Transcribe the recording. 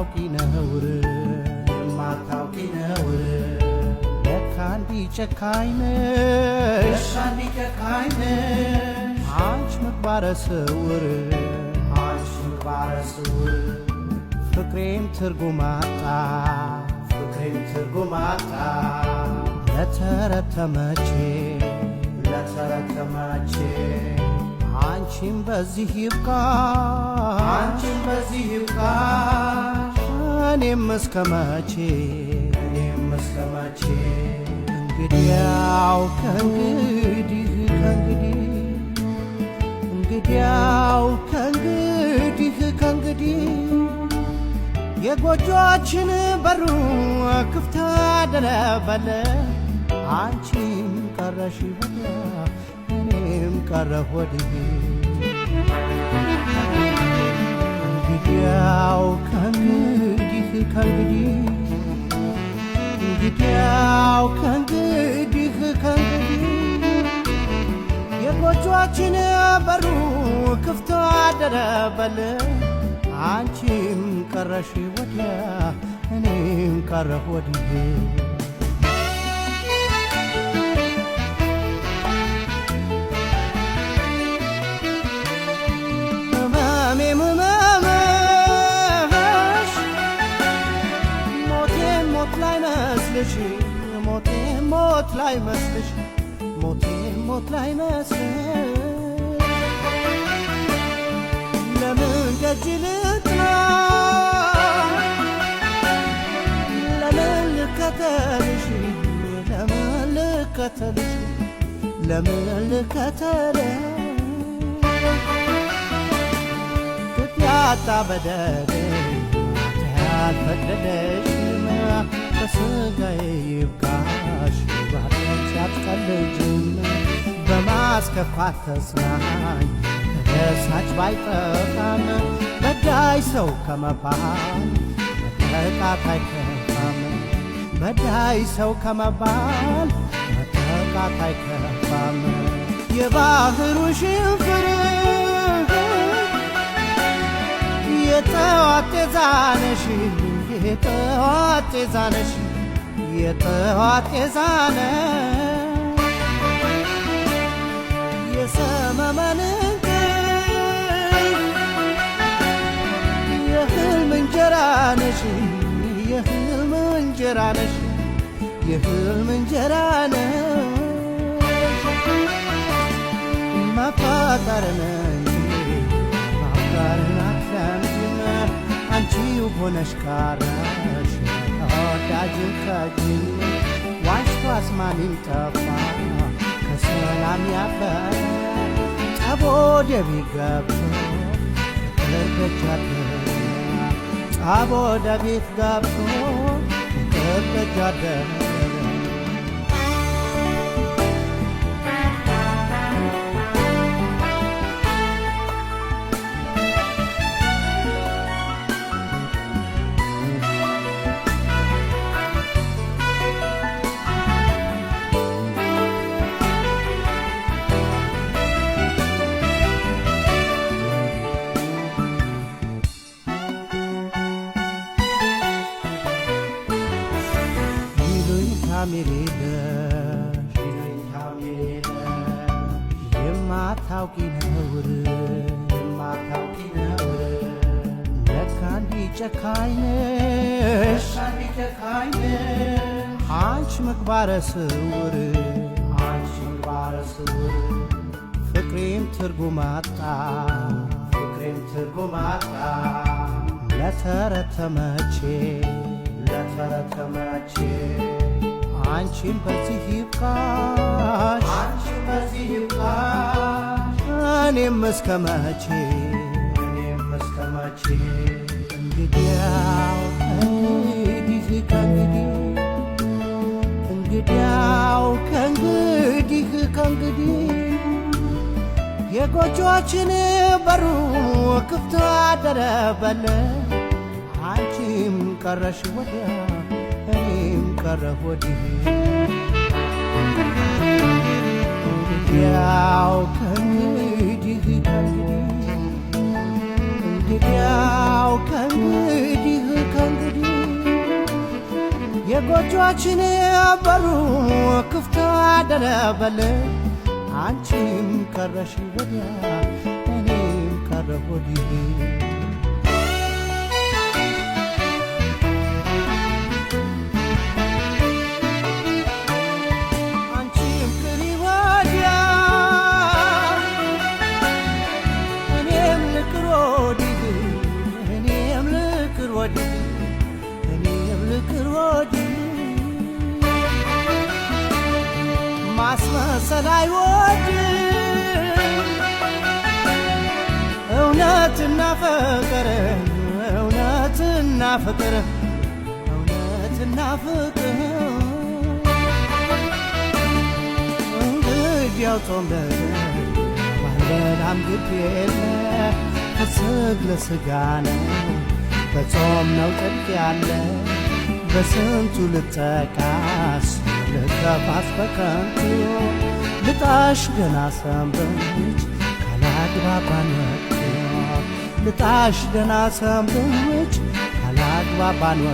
የማታውቂ ነውር የማታውቂ ነውር ለካ እንዲ ጨካኝ ነሽ አንቺ ምግባረ ስውር አንቺ ምግባረ ስውር ፍቅሬም ትርጉም አጣ ፍቅሬም ትርጉም አጣ አንቺም በዚህ ይብቃ አንቺም በዚህ ይብቃ እኔም እስከ መቼ እኔም እንግዲያው ከእንግዲህ ከእንግዲህ እንግዲያው ከእንግዲህ ከእንግዲህ የጎጆችን በሩ ክፍት አደረበለ አንቺም ቀረሽ እኔም ቀረሁ ወዲህ እንግዲያው ከእንግዲህ ከእንግዲህ እንግዲያው ከእንግዲህ ከእንግዲህ የጎጆችን በሩ ክፍቶ አደረበል አንቺም ቀረሽ ወዲያ እኔም ቀረሁ ወዲህ ሞት ላይ መስልሽ ሞቴ ሞት ላይ መስልሽ ሞቴ ሞት ላይ መስልሽ ለምን ከጅ ልጥና ለምን ልከተልሽ ለምን ልከተልሽ ለምን ልከተልሽ ትትያታ በደለኝ ያልፈቀደሽ ለሥጋዬ ይብቃሽ ባርነት ያትቀልጅና በማስከፋት ተጽናኝ ተደሳች ባይጠፋም በዳይ ሰው ከመባል መጠቃት አይከፋም በዳይ ሰው ከመባል መጠቃት አይከፋም የባህሩ ሽንፍር የጠዋት ጤዛነሽ የጠዋት ጤዛ ነሽ የጠዋት ጤዛ ነሽ የሰመመንን የህልም እንጀራ ነሽ የህልም እንጀራ ነሽ የህልም እንጀራ ነሽ ማፋጠር አንቺው ሆነሽ ካረሽ ተወዳጅን ከጅን ዋይስ ዋስማኒም ጠፋ ከሰላም ያፈር ጠቦ ደቢ ገብቶ ቅርበጃት ጠቦ ደቤት ገብቶ ቅርበጃደር ታምሬለሽ የማታውቂ ነውር ለካ እንዲ ጨካኝ ነሽ አንቺ ምግባረ ስውር ፍቅሬም ትርጉም አጣ ለተረት ተመቼ አንቺም በዚህ ይብቃሽ እኔም እስከ መቼ እንግዲያው ጊዜ ከእንግዲህ እንግዲያው ከእንግዲህ ከእንግዲህ የጎጆችን በሩ ክፍት አደረበለ አንቺም ቀረሽ ወዲያ እኔም ቀረ ሆድህ እንግዲያው ከእንግዲህ እንግዲያው ከእንግዲህ ከእንግዲህ በሩ ክፍት አደረበል አንቺም ቀረሽ ወዲያ እኔም ቀረ ማሰል አይወድም እውነትና ፍቅር እውነትና ፍቅር እውነትና ፍቅር እንግዲያው ጾም በላም ግድ የለ ከስግ ለስጋ ነው በጾም ነው ጥልቅ ያለ በስንቱ ልጠቃስ ልከፋስ በከንቱ ልጣሽ ገና ሰንበች ካላግባባን ልጣሽ ገና ሰንበች ካላግባባን